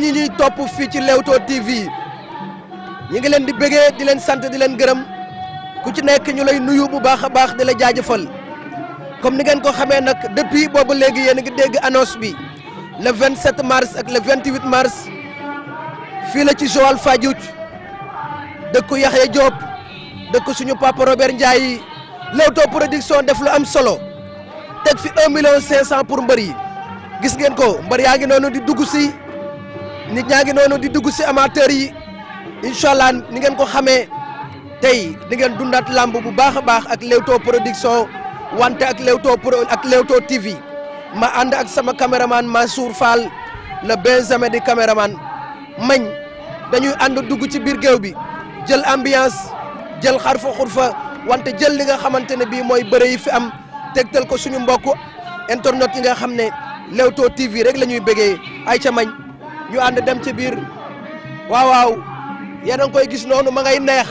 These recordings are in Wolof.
yéen ñi ñuy topp fii ci Leewtoo TV ñi ngi leen di bëggee di leen sant di leen gërëm ku ci nekk ñu lay nuyu bu baax a baax di la jaajëfal comme ni ngeen ko xamee nag depuis boobu léegi yéen a ngi dégg annonce bi le 27 mars ak le 28 mars fii la ci Joal Fadiouth dëkku Yaxya Diop dëkku suñu papa Robert Ndiaye Leewtoo production def lu am solo teg fi 1 million 500 pour mbër yi gis ngeen ko mbër yaa ngi noonu di dugg si. nit ñaa ngi noonu di dugg si amateur yi incha allah ni ngeen ko xamee tey di ngeen dundaat làmb bu baax a baax ak Leewtoo production wante ak Leewtoo pro ak TV ma ànd ak sama caméraman Mansour Fall le benjamin di caméraman mañ dañuy ànd dugg ci biir géew bi jël ambiance jël xarfa xurfa wante jël li nga xamante ne bii mooy bëre yi fi am tegtal ko suñu mbokk internet ki nga xam ne Leewtoo TV rek la ñuy bëggee ay ca mañ ñu ànd dem ca biir waawaaw waaw yéen a ngi koy gis noonu ma ngay neex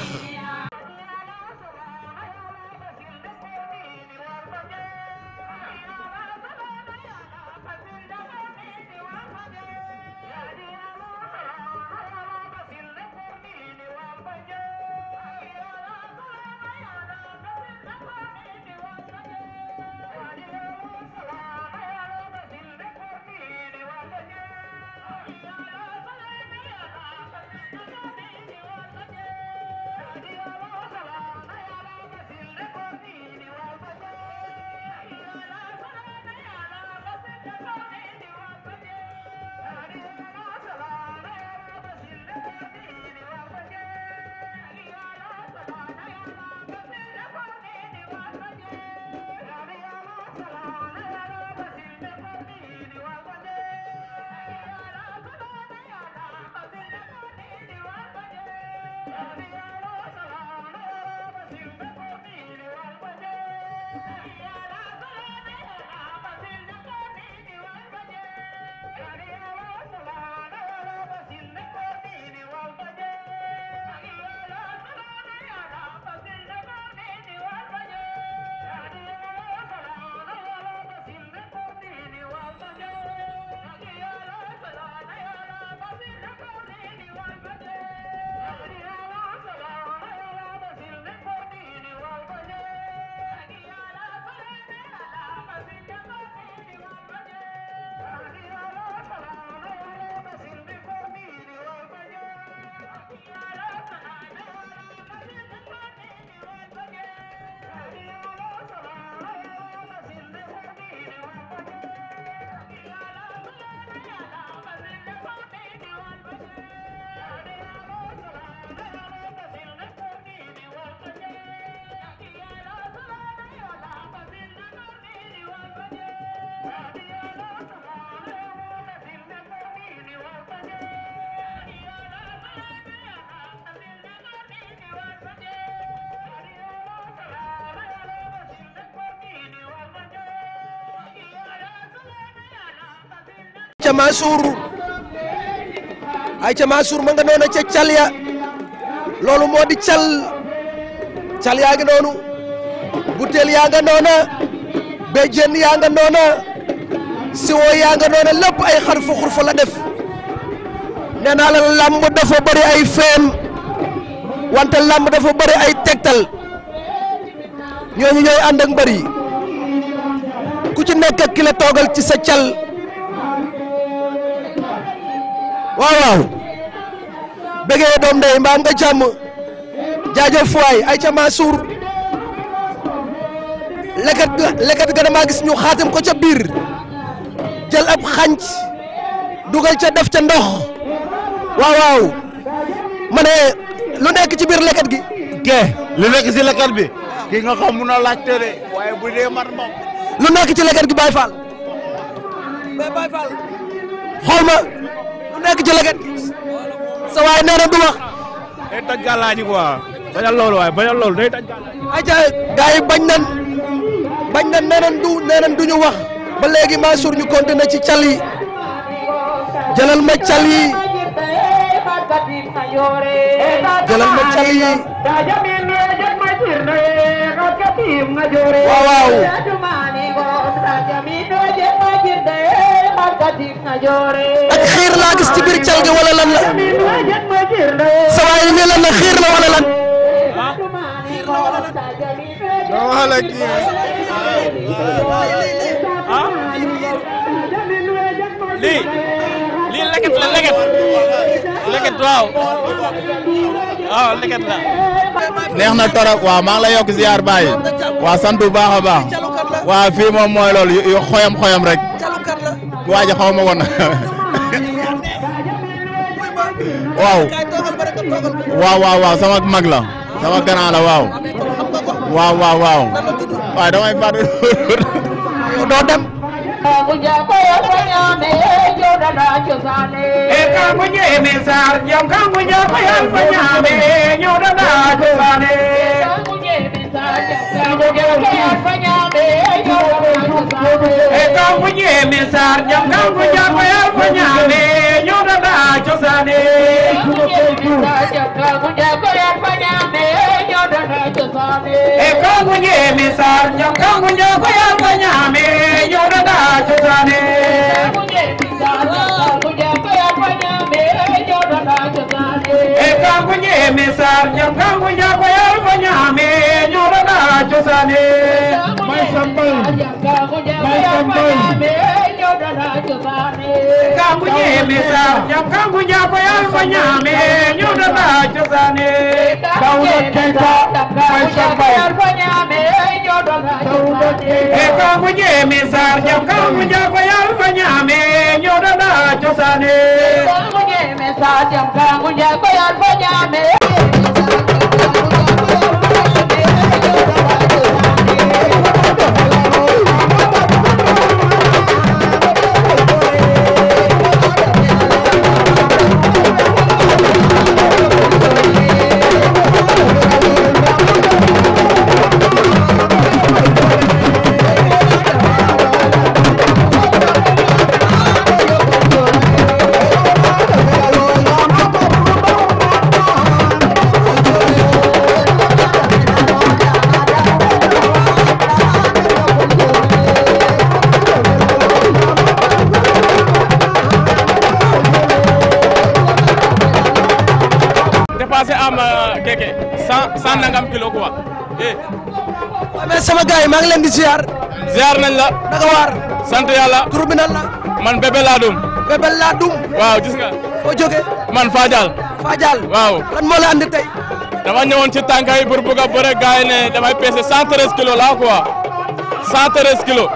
Aïcha Mansour Aïcha Mansour ma nga noona loolu moo di cal cal yaa ngi noonu butéel yaa nga noona béjjén yaa nga noona siwo yaa nga noona lépp ay xarfu xurfu la def nee naa la làmb dafa bëri ay feem wante làmb dafa bari ay tegtal ñooñu ñooy ànd ak mbër ku ci nekk ak toogal ci sa cal waaw waaw bëggee doom ndey mbaa nga jàmm waay ay ca Mansour lekkat lekkat ga damaa gis ñu xaatim ko ca biir jël ab xànc dugal ca def ca ndox waaw waaw lu nekk ci biir leket gi. ke lu nekk ci lekkat bi. ki nga xam mun a laajte de waaye bu dee mat moom. lu nekk ci lekkat gi Baye Fall. xool ma. nekk ci leget gi sa waay nee na du wax. day taj loolu waaye bañal loolu day taj. ayca gars yi bañ nan bañ nan nee nañ du nee nañ ñu wax ba léegi Mansour ñu continuer ci cal yi jëlal ma cal yi jëlal ma cal yi waaw waaw. ak xiir gis ci biir cal gi wala leket la leket leket neex na torop waaw maa la lay yokk ziar Baye. waaw sant bu baax a baax. waaw fii moom mooy loolu yu xoyam xoyam rek. waaja xaw ma woon waaw waaw waaw waaw mag la sama grand la waaw waaw waaw waaw waaw damay fàtte doo dem e kanko jeeme sar jom kanko jakoyal ko ñaame ñowdana cosaane e kanko ƴeeme sar jam kanko jago yalko ñaame ñodata cosane e kanko ƴeeme sar jam kanko jago yalko ñaame ñodata cosane e kanko ƴeeme sar jam kanko jago yalko ñaame cosaane may sambal may sambal kangu ñeeme sa jam kangu ñaapa yal ma ñaame ñëw na la cosaane dawda keita may sambal dawda keita kangu ñeeme sa jam kangu ñaapa yal ma ñaame ñëw na la cosaane kangu ñeeme sa jam kangu ñaapa yal ma ñaame ma euh, keke cent nangam kilo quoi eh. waaw ah, sama gars yi maa ngi leen di ziar. ziar nañ la. naka waar. sant yàlla. tur bi nan la. man Bébé Ladoum. Bébé Ladoum. waaw gis nga. foo jógee. man Fadial. Fadial waaw. lan moo andi tey. dama ñëwoon ci tànk yi pour bëgg a bëre gars yi ne damay peese cent treize kilos la quoi cent treize kilos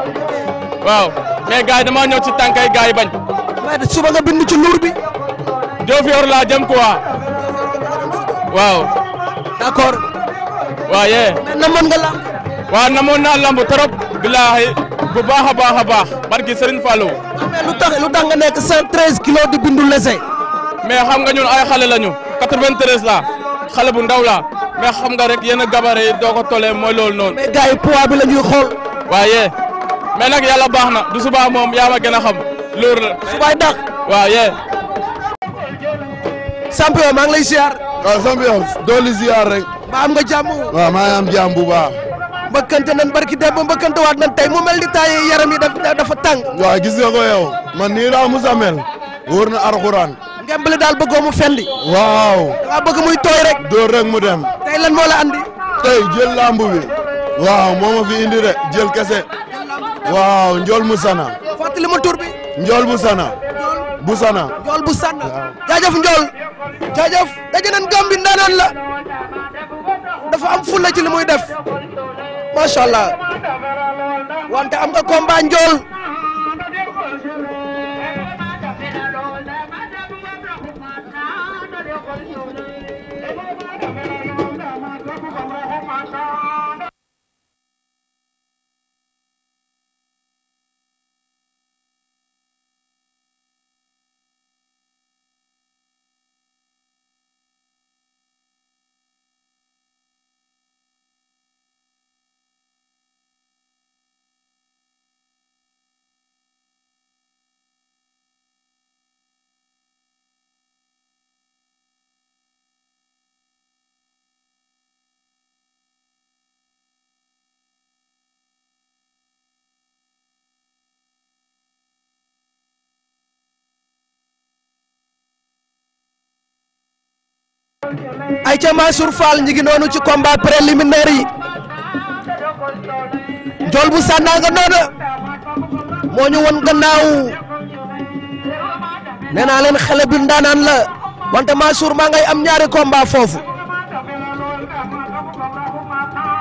waaw mais gars yi dama ci tànk yi gars yi bañ. mais suba nga bind ci luur bi. Diofior laa jëm quoi. waaw. d'accord. waaw yee. mais namoon nga lamb. waaw namoon naa lamb trop. bilaahi bu baax a baax a baax. barki Serigne Fallou. mais lu tax lu tax nga nekk 113 kilos di bindu lese. mais xam nga ñun ay xale lañu. 93 la xale bu ndaw la mais xam nga rek yenn gabaare yi doo ko tollee mooy loolu noonu. mais gars bi la ñuy xool. waaw yee mais nag yàlla baax na du subaa moom yaa ma gën a xam loolu la. subaay dàq. waaw yee. champion maa ngi lay ziar. waaw champion dooli ziar rek. ba am nga jàmm. waaw maa ngi am jàmm bu baax. barki démb mbëkkante waat nan tey mu mel ni taay yaram dafa tàng. waaw gis nga ko man nii laa mos a na arxuraan. ngemb daal bëggoo mu fendi. waaw. da bëgg muy tooy rek. dóor rek mu dem. tey lan moo andi. tey jël lamb bi. waaw moo ma fi indi de jël kese. waaw njool mu sana. fàttali ma tur bi. njool mu sana. bu sana Ndiol bu sana jaajëf Ndiol jaajëf daje la dafa def macha wante am nga combat ay ca Mansour Fall ñi ngi noonu ci combat préliminaire njool bu sànnaa nga noona moo ñu won gannaaw nee naa leen xale bi la wante Mansour maa ngay am ñaari combat foofu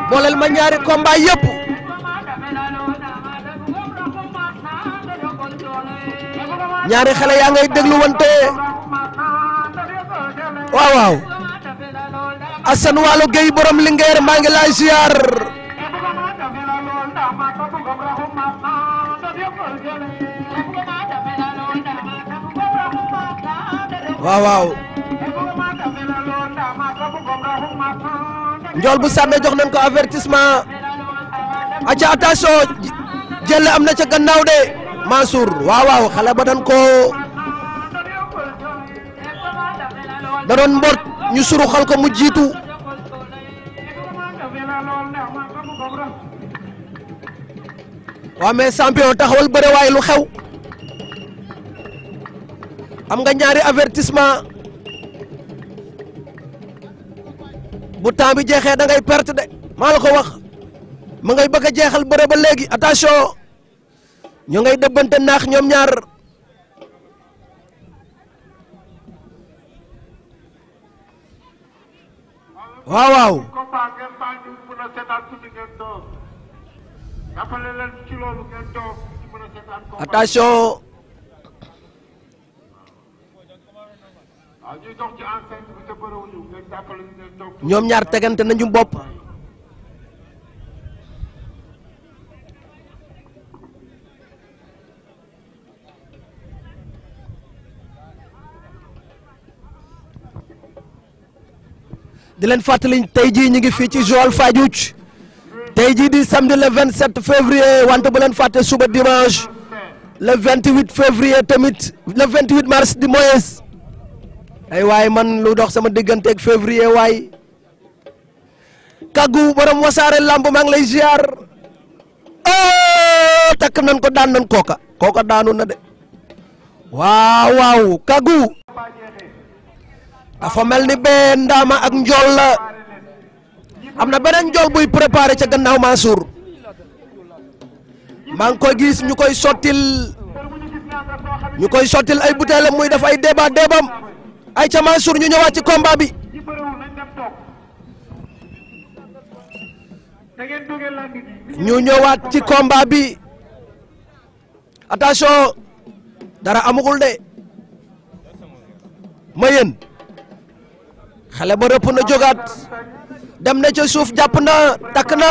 booleel ma ñaari combat yëpp ñaari xale yaa ngay déglu wante waaw Assane Waalo Gueye borom Linguère maa ngi lay ziar waaw waaw njool bu sàmmee jox nañ ko avertissement aca attention am na ca gannaaw de Mansour waaw waaw ba dan ko da ñu suruxal ko mu jiitu waa mais champion taxawal bëre waay lu xew am nga ñaari avertissement bu temps bi jeexee dangay ngay perte de maa la ko wax ma ngay bëgg a jeexal bëre a léegi attention ñu ngay dëbbante naax ñoom ñaar. waaw waaw. attention. ñoom ñaar tegante nañu bopp. di leen fàttali tey jii ñu ngi fii ci Joal Fadiouth tey jii di samedi le 27 février wante bu leen fàtte suba dimanche le 28 février tamit le 28 mars di moyes ay waaye man lu dox sama digganteeg février waay kàggu borom wasaare lamb maa lay ziar oh, takk nan ko daan nan kooka kooka daanu na de waaw waaw kàggu dafa mel ni bee ndaama ak njool am na beneen njool buy préparé ca gannaaw Mansour maa ngi koy gis ñu koy sottil ñu koy sottil ay butéelam muy def ay débat débam ay ca Mansour ñu ñëwaat ci komba bi ñu ñëwaat ci combat bi attention dara amugul de ma xale ba rëpp na jógaat dem na ca suuf jàpp na takk na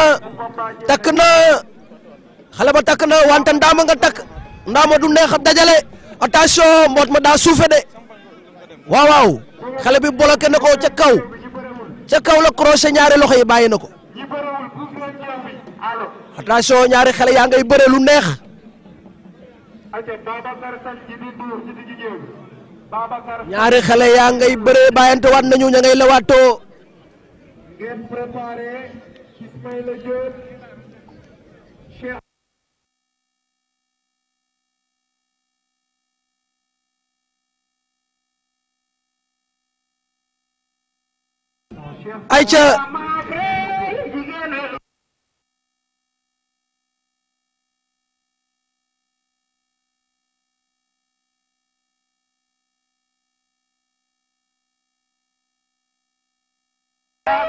takk na xale ba takk na wante ndaama nga takk ndaama du neex a dajale attention mboot ma daa suufe de waaw waaw xale bi bloqué na ko ca kaw ca kaw la crochet ñaari loxo yi bàyyi na ko attention ñaari xale yaa ngay bëre lu neex. ñaari xale yaa ngay bëree bàyyante waat nañu ña ngay lewaatoo ayca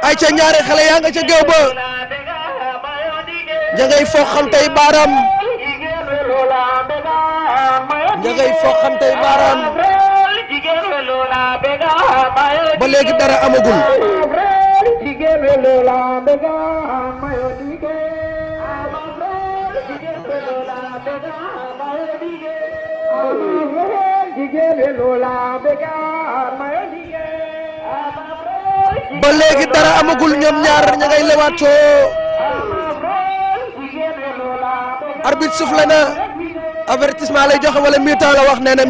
ay ca ñaari xale yaa nga ca géew ba ña ngay foxantey baaraam ña ngay foxantey baaraam ba léegi dara amagul ba léegi dara amagul ñoom ñaar ña ngay lewaatoo arbitre soufflé na avertissement lay joxe wala mi-temps la wax nee na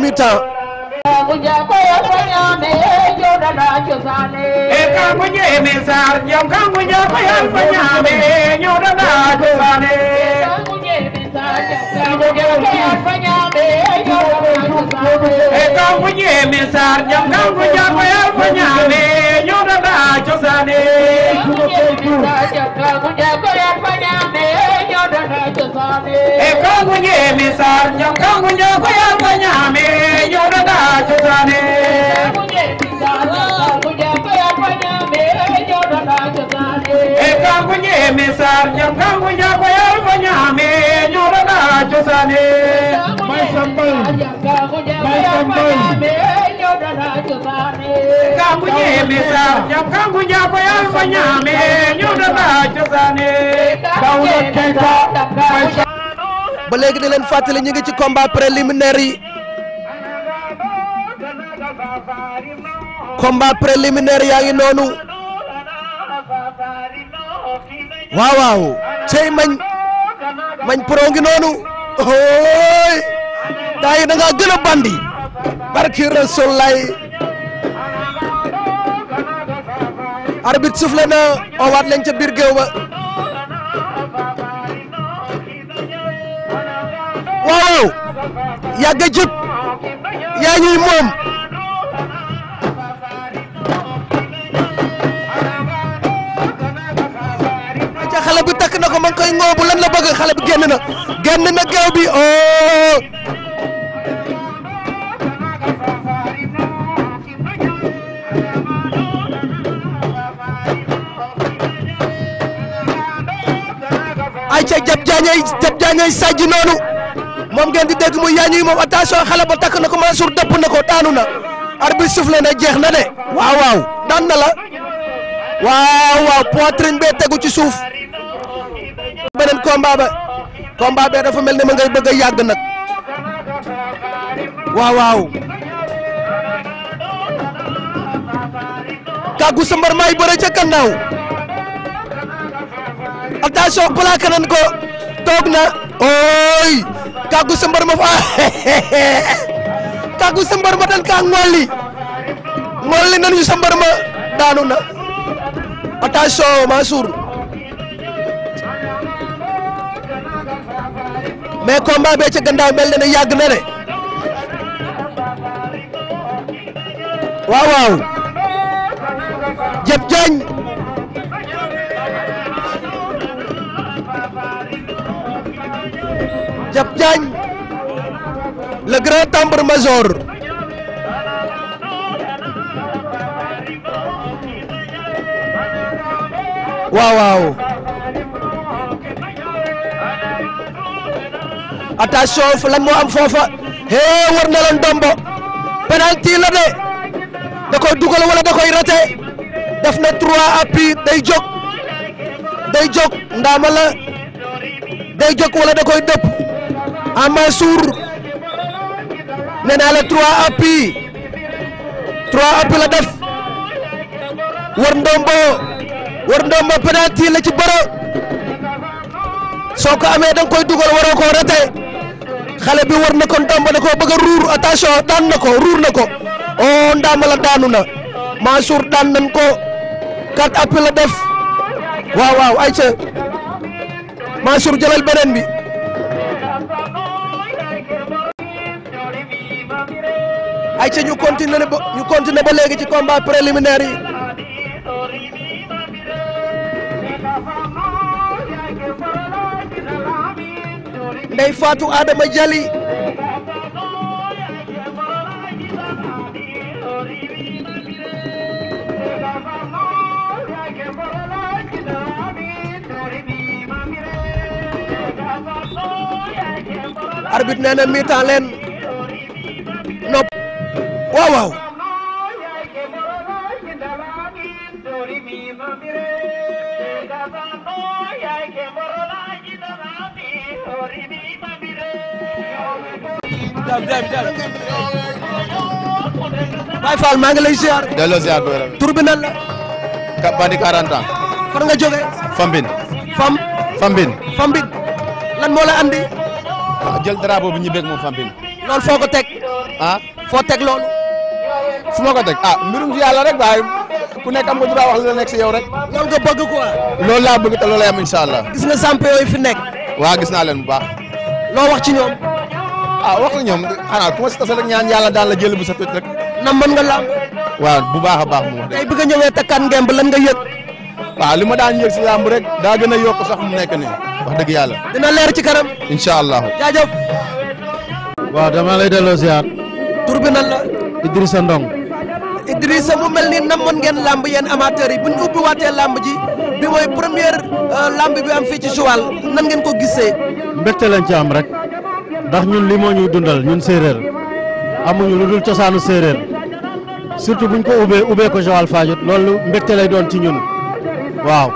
e kangu nyemi sar nyam kangu nyoko yango nyame nyodo da chusane e kangu nyemi sar nyam kangu nyoko yango nyame nyodo da chusane mai sambal mai sambal kangu nyeme sa jam kangu nyako yal fa nyame fàttali ñu ci combat préliminaire yi combat préliminaire yaa ngi noonu waaw waaw mañ mañ pro noonu ooy daa yi da ngaa bandi barki Rasul lay arbitre soufflé na o waat leen ca biir géew ba waaw yàgg a yaa ñuy moom ca xale bi takk na ko ma koy ngoobu lan la bëgg xale bi génn na génn na géew bi o oh! jaañay teb jaañay sàjj noonu moom ngeen di dégg muy yaañuy moom attention xale takk na ko Mansour dëpp na ko daanu na arbitre soufflé na jeex na de waaw waaw daan na la waaw waaw poitrine bee tegu ci suuf beneen combat ba bee dafa mel ni ma ngay bëgg yàgg nag waaw waaw kàggu sa mbar maay bëre ca gannaaw attention plaqué nañ ko toog na ooy kàggu sa mbar ma fa kàggu sa mbar ma tan ka ngolli ngolli nañu sa mbar ma daanu na attention Mansour mais combat bee ca gannaaw mel na ne yàgg na ne waaw waaw Diep Diagne Diap Diagne le grand tambour-major waaw waaw attention fu lan moo am foofa hee war na leen dombo penalty de da koy dugal wala da koy def na trois appui day jóg day jóg ndaama day jóg wala da dëpp Amansour nee naa la trois appuis trois appuis la def war ndombo war ndombo penalty la ci bëre soo ko amee da koy dugal waroo koo rate xale bi war na ko ndombo da koo bëgg a ruur attention daan na ko ruur na ko oh ndaama la daanu na Mansour daan nañ ko quatre appuis la def waaw waaw ayca Mansour jëlal beneen bi. ay ca ñu continuer ba ñu continuer ba léegi ci combat préliminaire yi Ndeye Adama Jali arbitre nee na leen waaw waaw Baye Fall maa ngi lay ziar. delloo ziar bu la. Kabandi 40 ans. nga jógee. Fambine. Fam. lan moo la andi. Ah, jël drapeau bi ñu beeg moom Fambine. loolu foo ko teg. ah foo teg loolu. fu ma ko teg ah mbirum si yàlla rek waaye ku nekk am nga droit wax li la nekk si yow rek. loolu nga bëgg lool la laa bëgg te loolu am incha allah. gis nga samp yooyu fi nekk. waa gis naa leen bu baax. loo wax ci ñoom. ah wax na ñoom xanaa ku ma si tase rek yàlla daal la jël bu sa toj rek. nam mën nga làmb. waaw bu baax a baax mu wax de. tey bi nga ñëwee takkaan ngemb lan nga yëg. waa li ma daan yëg si làmb rek daa gën a yokk sax mu nekk nii wax dëgg yàlla. dina leer ci kanam. incha allah. jaajëf. waaw dama lay delloo ziar. tur bi nan la. Idrissa mu mel ni namoon ngeen lamb yeen amateurs yi bu ñu ubbi waatee lamb ji bi mooy première euh, lamb bi am fii ci Joal nan ngeen ko gisee. mbégte lañ ci am rek ndax ñun li moo ñuy dundal ñun séeréer amuñu lu dul cosaanu séeréer surtout buñ ko ubbee ubbee ko Joal Fadiouth loolu mbégte lay doon ci ñun waaw.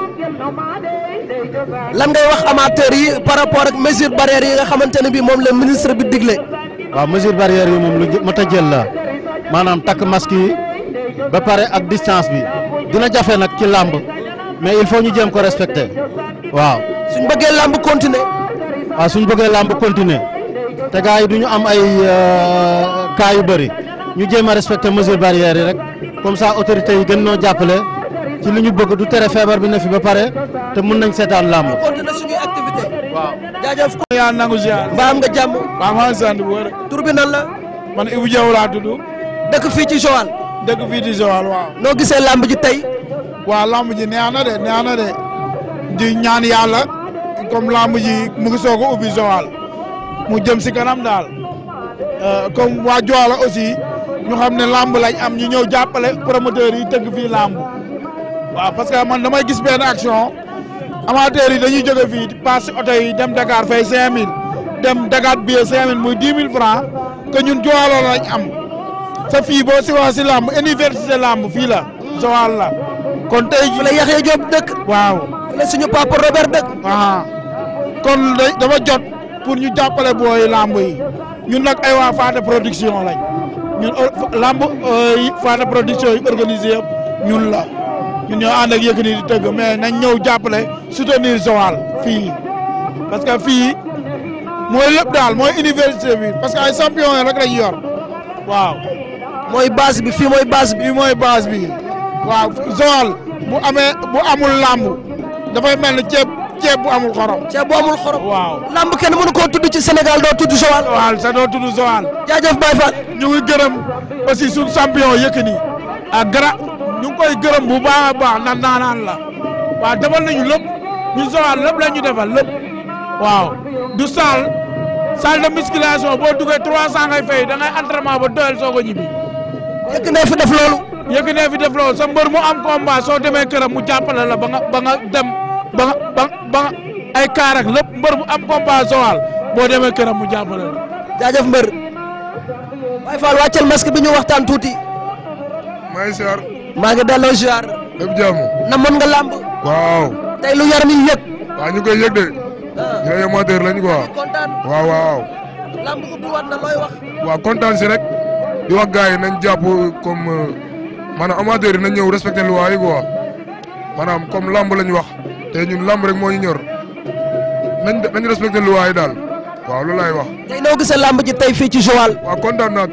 lan ngay wax amateurs yi par rapport ak mesure barrière yi nga xamante ne bii moom la ministre bi digle. waaw mesure barrière yi moom lu mat a jël la maanaam takk masque yi. ba pare ak distance bi dina jafe nag ci làmb mais il faut ñu jéem ko respecter waaw. suñ bëggee làmb continuer. waaw suñ bëggee làmb continuer te gars yi du ñu am ay euh, cas yu bëri ñu jéem a respecter mesure barrière yi rek comme ça autorité yi gën noo jàppale ci li ñu bëgg du tere feebar bi ne fi ba pare te mun nañ seetaan làmb. continuer suñuy activité. yaa nangu ziar. am nga jàmm. mbaa maa la. man Ibou Diaw laa tudd. dëkk fii ci dëkk fii di Joal waaw. noo gisee lamb ji tey. waa lamb ji neex na de neex na de di ñaan yàlla comme lamb ji mu ngi soog a ubbi Joal mu jëm si kanam daal euh, comme waa Joal aussi ñu xam ne lamb lañ am ñu ñëw jàppale promoteurs yi tëgg fii lamb waaw parce que man damay gis benn action amateurs yi dañuy jóge fii pass oto yi dem Dakar fay 5000 dem Dakar billet 5000 muy 10 000 francs que ñun Joal lañ am. sa fii boo si waa si làmb université làmb fii la Joal la kon tey jii. fële Yaxya Diop dëkk. waaw fële suñu papa Robert dëkk. waaw ah. kon dafa jot pour ñu jàppale booy làmb yi ñun nag ay waa Fada production lañ ñun euh, làmb euh, Fada production yi organisé yëpp ñun la ñun ñoo ànd ak Yékini di tëgg mais nañ ñëw jàppale soutenir Joal fii parce que fii mooy lépp daal mooy université bi parce que ay champion rek lañ yor waaw. mooy base bi fii mooy base bi. mooy base bi waaw Joal bu amee bu amul làmb dafay mel ni ceeb ceeb bu amul xorom. ceeb bu amul xorom. waaw làmb kenn mënu koo tudd ci Sénégal doo tudd Joal. Joal sa doo tudd Joal. jaajëf Baye Fall. ñu ngi gërëm aussi suñu champion Yékini ak Gara ñu ngi koy gërëm bu baax a baax nan naanaan la waaw defal nañu lépp ñu Joal lépp la ñu defal lépp waaw du saal salle de musculation boo duggee 300 ngay fay da ngay entraînement ba doyal soog Yékini fi def fi def loolu sa mbër mu am combat soo demee këram mu jàppale la ba nga ba nga dem ba nga ba nga ay kaar ak mbër mu am combat Joal boo demee këram mu jàppale la. jaajëf mbër. Baye Fall wàccal masque bi ñu waxtaan tuuti. maa ngi ziar. maa ngi delloo ziar. lépp jàmm. na mën nga làmb. waaw. tey lu yar mi yëg. waaw ñu koy yëg de. Ah. ñu ay amateur lañ quoi. waaw waaw. làmb na kontaan si rek. di wax gars yi nañ jàpp comme euh, maanaam amateur yi nañ ñëw respecté loi yi quoi maanaam comme lamb lañ wax te ñun lamb rek moo ñu ñor nañ nañ respecté loi yi daal waaw loolu laay wax. tey noo tey fii ci Joal. waaw kontaan naa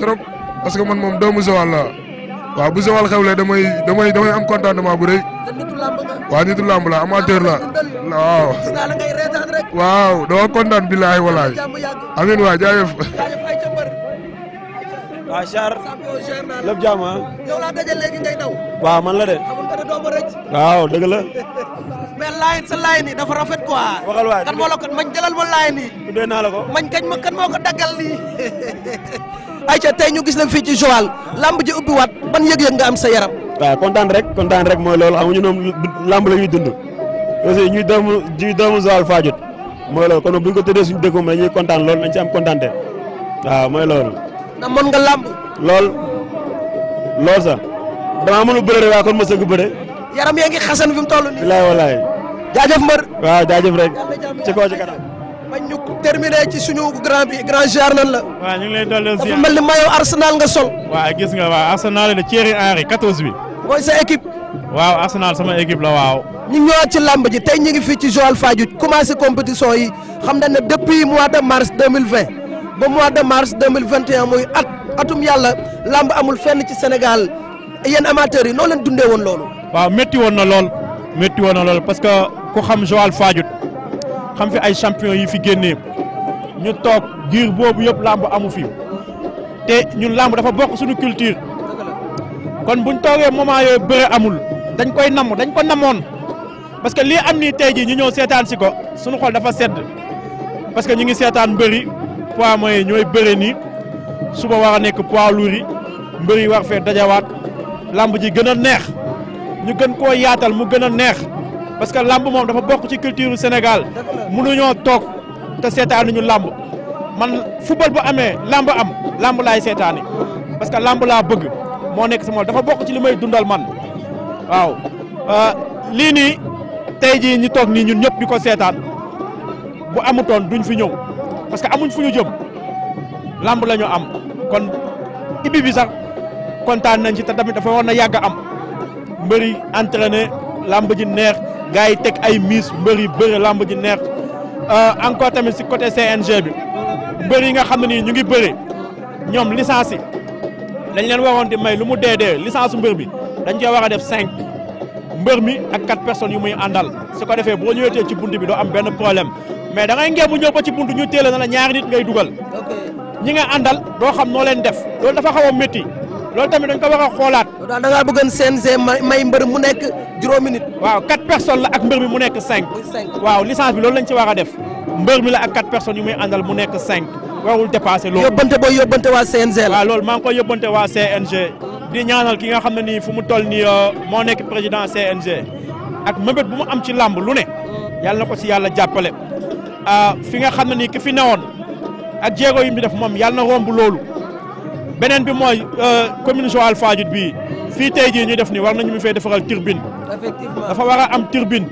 parce que man moom doomu Joal la waaw bu Joal xewlee damay am contentement bu rëy. waaw la amateur la waaw. waaw waaw char lépp jàmm ah. waaw man la de. amul benn doomu rëcc. waaw dëgg la. mais sa laay dafa rafet quoi. kan moo la mañ jëlal ma laay naa la ko. mañ kañ ma kan moo ko daggal nii. ayca tey ñu gis la fii ci Joal lamb ji ubbi waat ban yëg-yëg nga am sa yaram. waaw kontaan rek kontaan rek mooy loolu ñu ñoom lamb la ñuy dund. aussi ñuy doomu ñuy doomu Joal Fadiouth mooy loolu kon bu ñu ko tëddee suñu dëkk ma ñuy kontaan loolu nañ ci am kontaante waaw mooy loolu. na mën nga làmb. lool lool sax damaa mënu bëre waaye kon ma sëgg bëre. yaram yaa ngi xasan fi mu toll nii. bilaay walaay. jaajëf mbër. waaw jaajëf rek. ci kaw ci kanam. bañ ñu terminé ci suñu grand bi grand jar nan la. ñu ngi lay dolli ziar dafa mel ni maillot Arsenal nga sol. waa gis nga waaw Arsenal la Thierry Henry 14 bi. mooy sa équipe. waaw Arsenal sama équipe la waaw. ñu ñëwaat ci làmb ji tey ñu ngi fii ci Joal Fadiouth commencé compétition yi xam na ne depuis mois de mars 2020. ba mois de mars 2021 muy at atum yàlla làmb amul fenn ci Sénégal yéen amateurs yi noo leen dundee woon loolu. waaw métti woon na lool métti woon na lool parce que ku xam Joal Fadiouth xam fi ay champion yi fi génnee ñu toog giir boobu yëpp làmb amu fi te ñun làmb dafa bokk suñu culture kon buñ toogee moment yooyu bëre amul dañ koy namm dañ ko namoon parce que lii am nii tey jii ñu ñëw seetaan si ko suñu xol dafa sedd parce que ñu ngi seetaan mbëri poids moyen yi ñooy bëre nii suba war a nekk poids lourd yi mbër yi war fee dajawaat lamb ji gën a neex ñu gën koo yaatal mu gën a neex parce que lamb moom dafa bokk ci culture Sénégal mënuñoo toog te ñu lamb man football bu amee làmb am làmb laay seetaani parce que lamb laa bëgg moo nekk sama dafa bokk ci lu may dundal man waaw euh, lii nii tey jii ñu toog nii ñun ñëpp di ko seetaan bu amutoon duñ fi ñëw. parce que amuñ fu ñu jëm lamb la am kon ibbi bi sax kontaan nañ ci te tamit dafa war na yàgg am mbëri entraîné lamb ji neex gars yi teg ay miis mbëri bëre lamb ji neex euh, encore tamit si côté CNG bi mbëri yi nga xam ne nii ñu ngi bëre ñoom licence yi dañ leen waroon di may lu mu dee dee licence mbër bi dañ cee war a def cinq mbër mi ak quatre personnes yu muy àndal su ko defee boo ñëwetee ci bunt bi doo am benn problème mais da ngay ngeebu ñëw ba ci buntu ñu téela na la ñaari ngay dugal ñi nga àndal doo xam noo leen def loolu dafa xaw a métti loolu tamit dañ ko war a xoolaat daal da ngaa bëggoon CNG may mbër mu nekk juróomi nit waaw quatre personnes la ak mbër mi mu nekk cinq waaw licence bi loolu lañ ci wax a def mbër mi la ak quatre person yu muy àndal mu nekk cinq warul dépassé loolu yóbbante booy yóbbante waa CNG la waaw loolu maa ngi di ñaanal ki nga xam ne nii fu mu toll nii euh, moo nekk président CNG ak mëbét bu mu am ci làmb lu ne yàlla na ko si yàlla jàppale fi nga xam ne ni ki fi newoon ak jéego yi mu def moom yàlla na romb loolu beneen bi mooy euh, commune al Fadiouth bi fii tey jii ñu def ni war na ñu mu fee defaral turbine. dafa war a am turbine.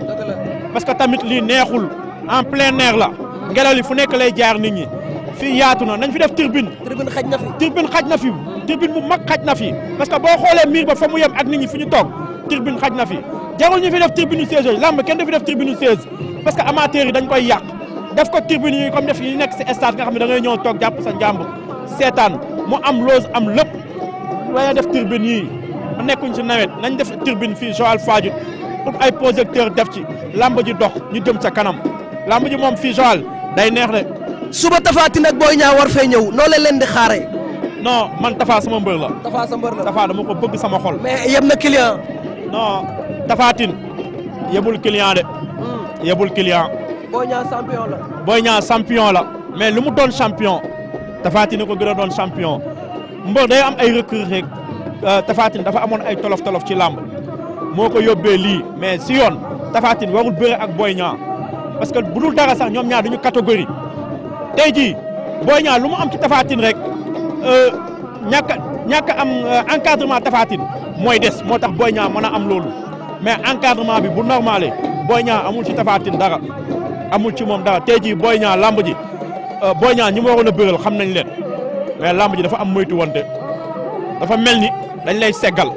parce que tamit lii neexul en plein neer la ngelaw li fu nekk lay jaar nit ñi fii yaatu na nañ fi def turbine. turbine xaj na fi turbine xaj na fi. turbine bu mag xaj na fi parce que boo xoolee miir ba fa mu yem ak ni ñi fu ñu toog turbine xaj na fi jarul ñu fi def turbine 16 yooyu làmb kenn du fi def turbine que amateurs dañ koy yàq. def ko tribune yi comme def yi nekk si stade nga xam ne dangay ñëw toog jàpp sa njàmbur seetaan mu am loose am lépp waaye def tribune yi nekkuñ si nawet nañ def tribune fii Joal Fadiouth pour ay projecteur def ci lamb ji dox ñu jëm sa kanam làmb ji moom fii Joal day neex de. suba Tapha Tine ak Boy Niang war fee ñëw noo leen leen di xaaree. non man Tapha sama mbër la. Tapha sa mbër la Tapha dama ko bëgg sama xol. mais yem na client. non Tapha Tine yebul client de. Hmm. yebul Boy Niang champion la. Boy Niang champion la mais lu mu doon champion Tapha ko gën a doon champion mbër day am ay recrue rek euh, Tapha Tine dafa amoon ay tolof tolof ci làmb moo ko yóbbee lii mais si yoon Tapha Tine warul ak booy ñaa parce que bu dul dara sax ñoom ñaar duñu catégorie tey jii Boy Niang lu mu am ci Tapha Tine rek euh, ñàkk ñàkk am euh, encadrement Tapha mooy des moo tax booy Niang mën a am loolu mais encadrement bi bu normalé Boy ñaa amul ci Tapha dara. amul ci moom dara tey jii Boy Niang lamb euh, Boy Niang ñi ma waroon a bëral xam nañ leen mais lamb ji dafa am moytu de dafa mel ni dañ lay seggal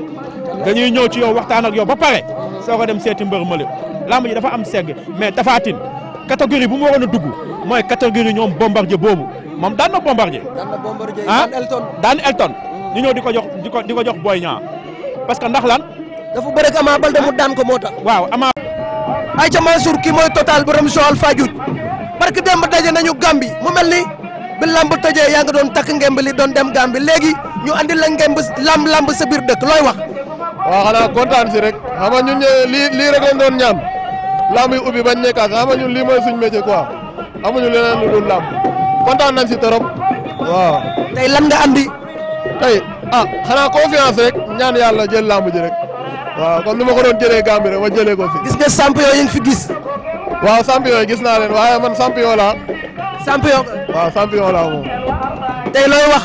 dañuy ñëw ci yow waxtaan ak yow ba pare soo ko dem seeti mbër male lamb ji dafa am segg mais tafaatin catégorie bu mu waroon a dugg mooy catégorie ñoom bombardier boobu moom daan na bombardier ah daan Elton ñu ñëw di ko jox di di ko jox Boy Niang parce que ndax lan dafa bëre ak Ama Baldé daan ko moo waaw Aïcha Mansour kii mooy total borom Joal Fadiouth barke démb daje nañu Gambie mu mel ni bi lamb tëjee yaa nga doon takk ngemb li doon dem Gambie léegi ñu andi la ngemb lamb lamb sa biir dëkk looy wax. waaw xanaa kontaan si rek xam nga ñun lii lii rek lañ doon ñaan lamb yi ubbi bañ nekkaat xam nga ñun lii mooy suñu métier quoi amuñu leneen lu dul lamb kontaan nañ si trop waaw. tey lan nga andi. tey ah xanaa confiance rek ñaan yàlla jël lamb ji rek. waaw kon lu ma ko doon jëlee Gambie rek ma jëlee ko si gis nga champion yi fi gis. waaw champion yi gis naa leen waaye man champion laa. champion. la champion laa moom. tey looy wax.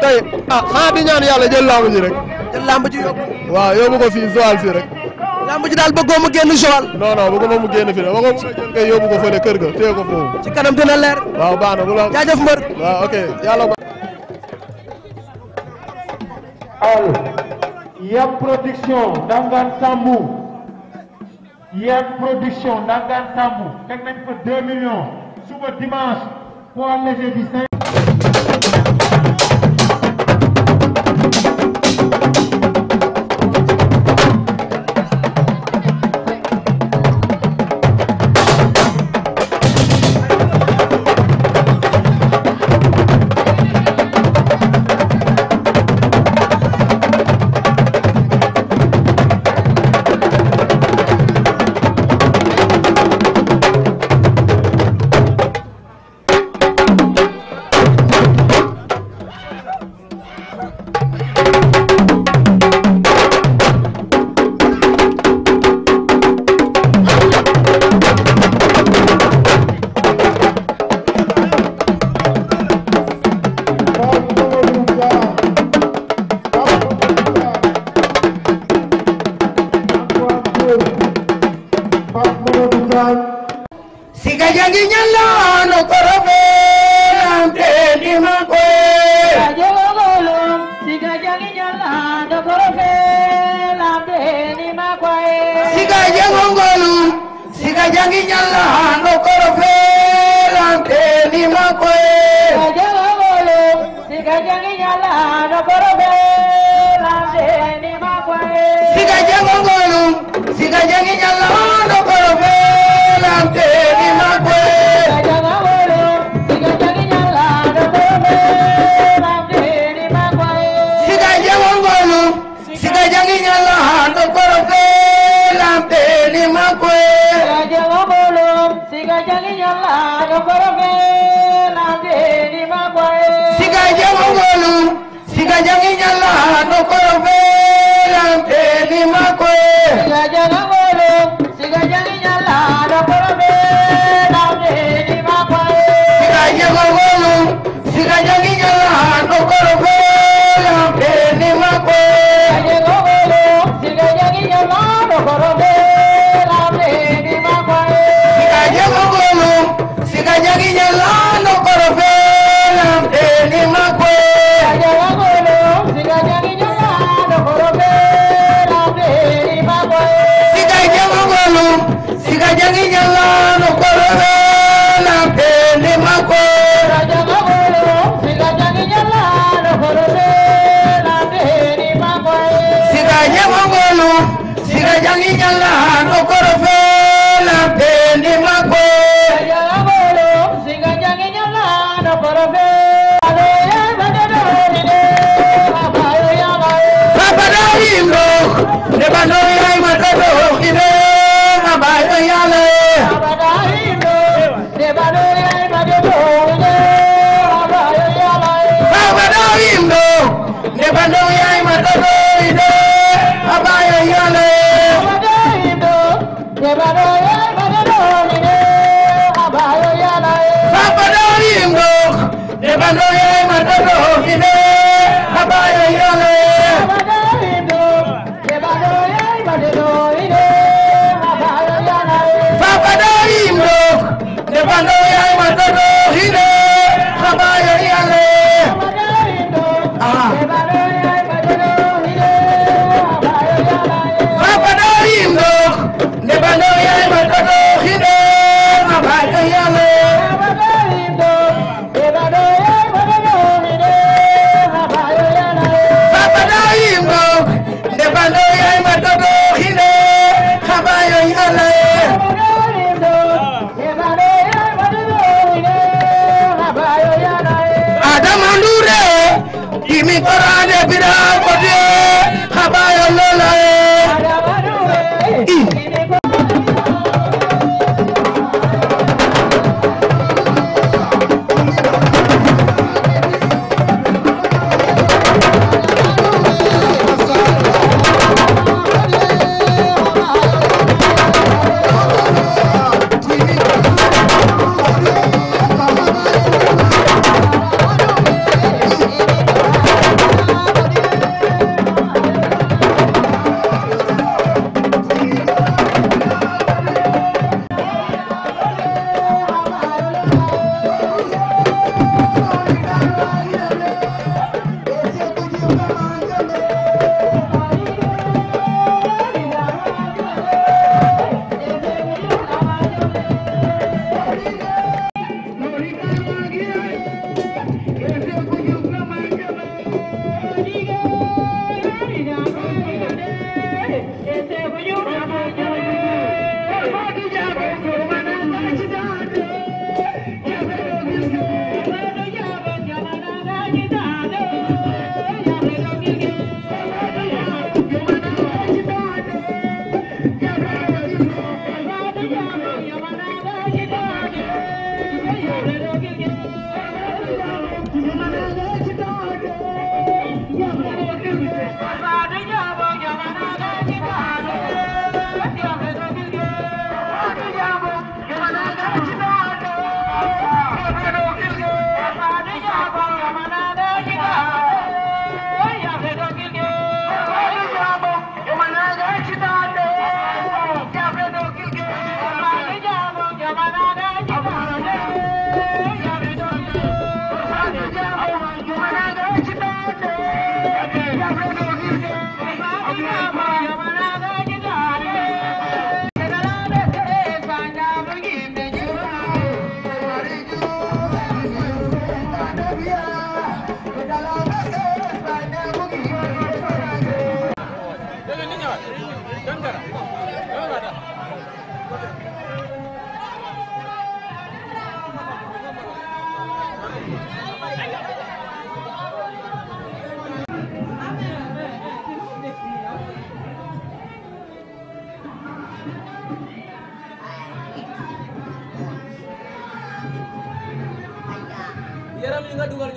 tey ah xanaa di ñaan yàlla jël lamb ji rek. jël lamb ji yóbbu. waaw yóbbu ko fii Joal fii rek. lamb ji daal bëggoo mu génn Joal. non non bëgguma mu génn fii rek bëggoo mu génn kay yóbbu ko fële kër ga téye ko foofu. ci kanam dina leer. waaw baax na bu la. jaajëf mbër. waaw ok yàlla. Yak production Ndangaan Sambou Yak production Ndangaan Sambou teg nañ fa 2 millions suba dimanche poids léger bi Yàlla nu ko feelante ni ma ko Birame Mathieu dengar dengar